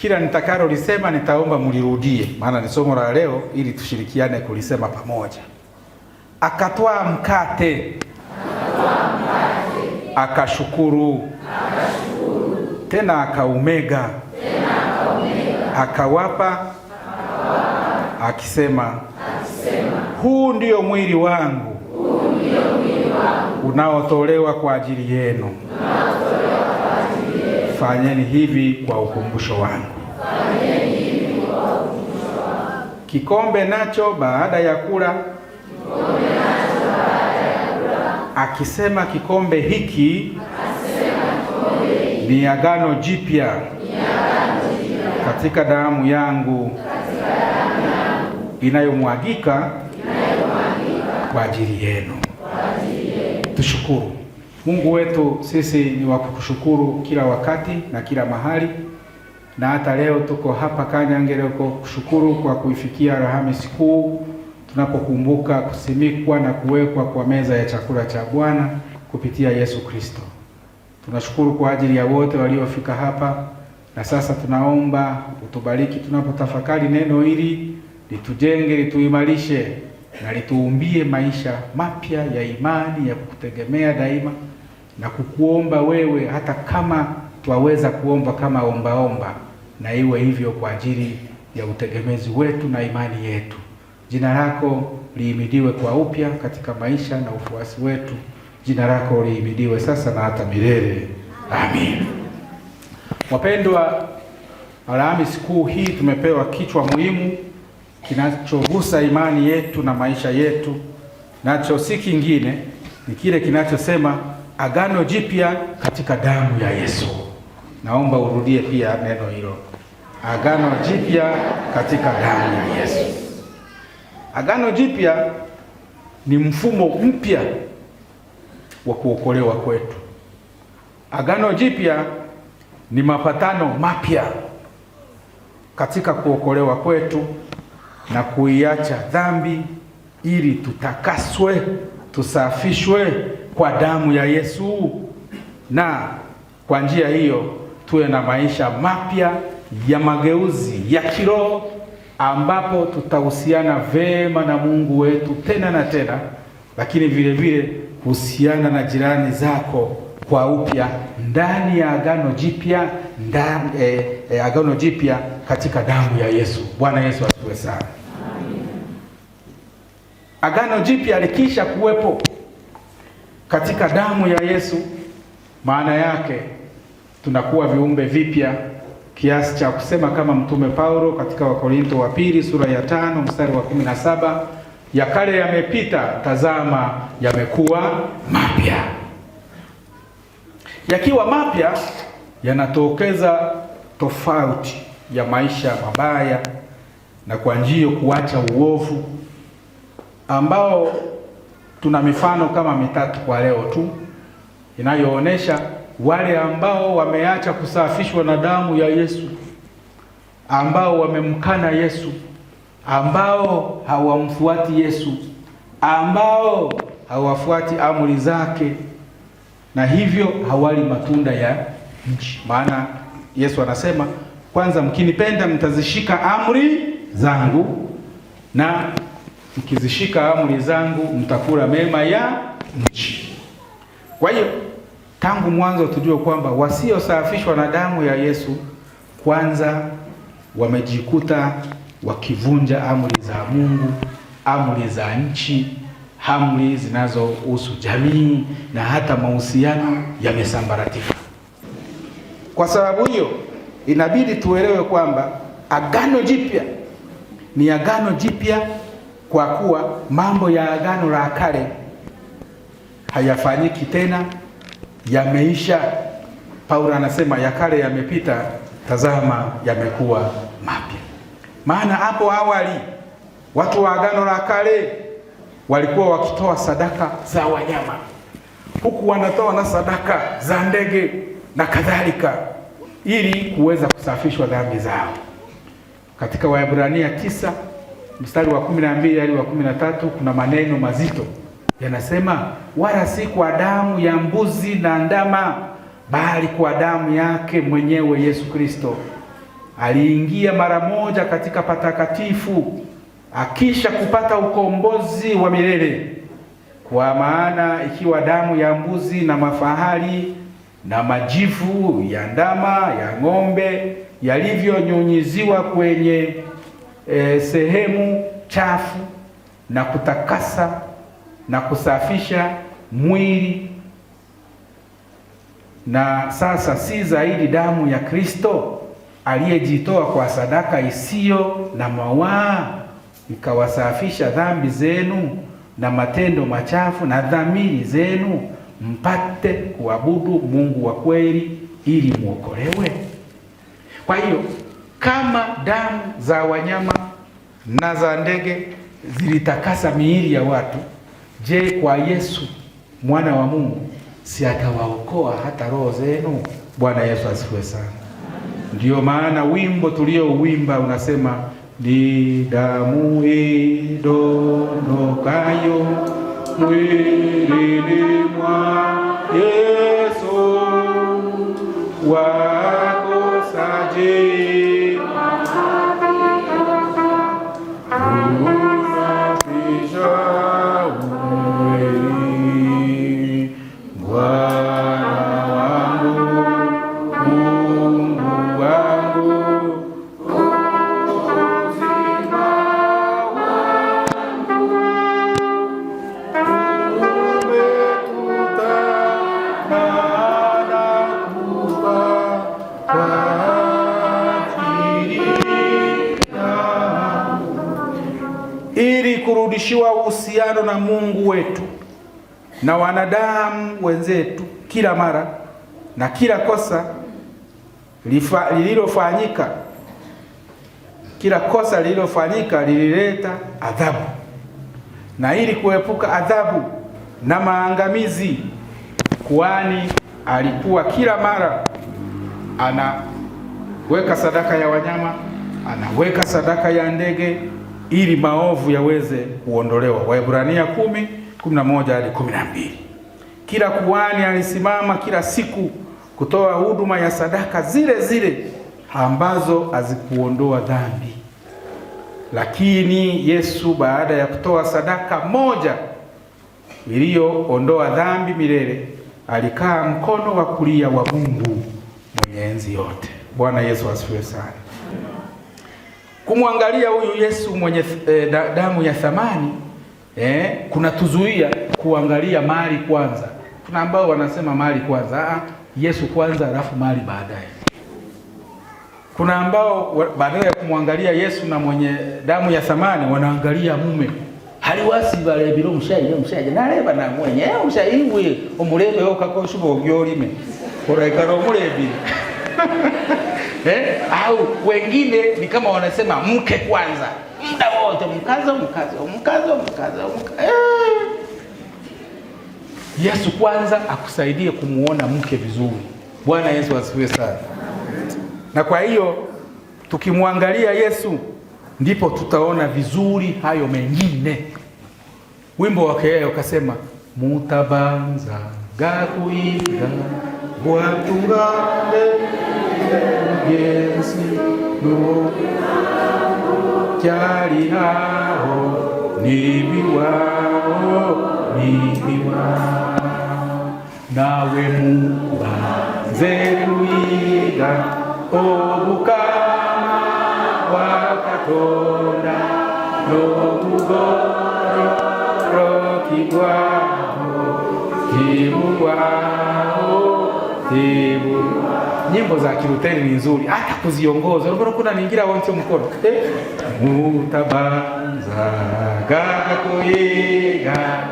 kila lisema nitaomba mlirudie, maana ni somo la leo, ili tushirikiane kulisema pamoja. Akatwaa mkate, mkate, akashukuru, akashukuru, tena akaumega, akaumega, akawapa, akawapa, akisema, akisema, huu ndio mwili wangu, wangu, unaotolewa kwa ajili yenu fanyeni hivi kwa ukumbusho wangu. Kikombe nacho baada ya kula, akisema kikombe hiki ni agano jipya katika damu yangu inayomwagika kwa ajili yenu. Tushukuru. Mungu wetu, sisi ni wa kukushukuru kila wakati na kila mahali, na hata leo tuko hapa Kanyange leo kushukuru kwa kuifikia Alhamisi Kuu tunapokumbuka kusimikwa na kuwekwa kwa meza ya chakula cha Bwana kupitia Yesu Kristo. Tunashukuru kwa ajili ya wote waliofika hapa, na sasa tunaomba utubariki tunapotafakari neno hili, litujenge, lituimarishe na lituumbie maisha mapya ya imani ya kukutegemea daima na kukuomba wewe, hata kama twaweza kuomba kama ombaomba omba, na iwe hivyo kwa ajili ya utegemezi wetu na imani yetu. Jina lako liimidiwe kwa upya katika maisha na ufuasi wetu. Jina lako liimidiwe sasa na hata milele. Amin. Wapendwa, Alhamisi Kuu hii tumepewa kichwa muhimu kinachogusa imani yetu na maisha yetu, nacho si kingine, ni kile kinachosema agano jipya katika damu ya Yesu. Naomba urudie pia neno hilo, agano jipya katika damu ya Yesu. Agano jipya ni mfumo mpya wa kuokolewa kwetu. Agano jipya ni mapatano mapya katika kuokolewa kwetu na kuiacha dhambi ili tutakaswe, tusafishwe kwa damu ya Yesu, na kwa njia hiyo tuwe na maisha mapya ya mageuzi ya kiroho ambapo tutahusiana vema na Mungu wetu tena na tena, lakini vile vile kuhusiana na jirani zako kwa upya ndani ya agano jipya ndani, eh, eh, agano jipya katika damu ya Yesu. Bwana Yesu asifiwe sana. Agano Jipya likisha kuwepo katika damu ya Yesu, maana yake tunakuwa viumbe vipya kiasi cha kusema kama Mtume Paulo katika Wakorinto wa pili sura ya tano mstari wa kumi na saba ya kale yamepita, tazama yamekuwa mapya. Yakiwa mapya, yanatokeza tofauti ya maisha mabaya na kwa njio kuacha uovu ambao tuna mifano kama mitatu kwa leo tu inayoonesha wale ambao wameacha kusafishwa na damu ya Yesu, ambao wamemkana Yesu, ambao hawamfuati Yesu, ambao hawafuati amri zake, na hivyo hawali matunda ya nchi. Maana Yesu anasema kwanza, mkinipenda mtazishika amri zangu na mkizishika amri zangu mtakula mema ya nchi. Kwa hiyo tangu mwanzo tujue kwamba wasiosafishwa na damu ya Yesu kwanza wamejikuta wakivunja amri za Mungu, amri za nchi, amri zinazohusu jamii na hata mahusiano yamesambaratika. Kwa sababu hiyo, inabidi tuelewe kwamba agano jipya ni agano jipya kwa kuwa mambo ya Agano la Kale hayafanyiki tena, yameisha. Paulo anasema ya kale yamepita, tazama yamekuwa mapya. Maana hapo awali watu wa Agano la Kale walikuwa wakitoa sadaka za wanyama, huku wanatoa na sadaka za ndege na kadhalika, ili kuweza kusafishwa dhambi zao. Katika Waebrania tisa mstari wa kumi na mbili hadi wa kumi na tatu kuna maneno mazito yanasema, wala si kwa damu ya mbuzi na ndama, bali kwa damu yake mwenyewe Yesu Kristo aliingia mara moja katika patakatifu akisha kupata ukombozi wa milele. Kwa maana ikiwa damu ya mbuzi na mafahali na majivu ya ndama ya ng'ombe yalivyonyunyiziwa kwenye eh, sehemu chafu na kutakasa na kusafisha mwili, na sasa si zaidi damu ya Kristo aliyejitoa kwa sadaka isiyo na mawaa ikawasafisha dhambi zenu na matendo machafu na dhamiri zenu, mpate kuabudu Mungu wa kweli ili mwokolewe. Kwa hiyo kama damu za wanyama na za ndege zilitakasa miili ya watu. Je, kwa Yesu mwana wa Mungu si atawaokoa hata roho zenu? Bwana Yesu asifiwe sana. Ndiyo maana wimbo tuliouimba unasema ni damu idondokayo mwilini mwa Yesu wakosaji ili kurudishiwa uhusiano na Mungu wetu na wanadamu wenzetu kila mara na kila kosa lililofanyika kila kosa lililofanyika lilileta adhabu, na ili kuepuka adhabu na maangamizi, kwani alikuwa kila mara anaweka sadaka ya wanyama, anaweka sadaka ya ndege ili maovu yaweze kuondolewa. Waebrania kumi kumi na moja hadi kumi na mbili. Kila kuhani alisimama kila siku kutoa huduma ya sadaka zile zile ambazo hazikuondoa dhambi. Lakini Yesu baada ya kutoa sadaka moja iliyoondoa dhambi milele, alikaa mkono wa kulia wa Mungu mwenye enzi yote. Bwana Yesu asifiwe sana kumwangalia huyu Yesu mwenye eh, damu ya thamani eh, kunatuzuia kuangalia mali kwanza. Kuna ambao wanasema mali kwanza, ah, Yesu kwanza alafu mali baadaye. Kuna ambao badala ya kumwangalia Yesu na mwenye damu ya thamani wanaangalia mume haliwasi bale bilo balebile omushaija omushaija naleba namwenye omushaibwe eh, omulebe okakoshuba obyolime oraikala omulebile eh? Au wengine ni kama wanasema mke kwanza, muda wote mkazo, mkazo, mkazo, mkazo, mkazo. Eh. Yesu kwanza akusaidie kumuona mke vizuri. Bwana Yesu asifiwe sana. Na kwa hiyo tukimwangalia Yesu ndipo tutaona vizuri hayo mengine. Wimbo wake yeye ukasema mutabanza gakuiga bwatungale niebieskim Bóg. Kialihao, ni miłao, ni Nawe Muumba zetu obukama bwa Katonda n'obugororokibwaho tibulwaho tibulwaho nyimbo za Kiluteri ni nzuri, hata kuziongoza kuna ningira wote mkono eh? mutabanza kuiga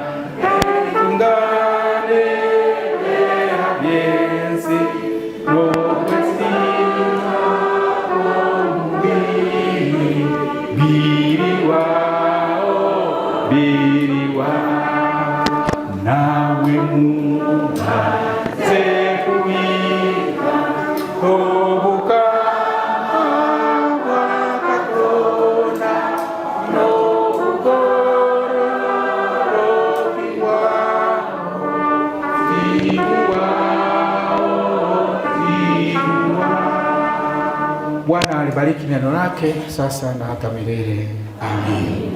wake sasa na hata milele. Amen.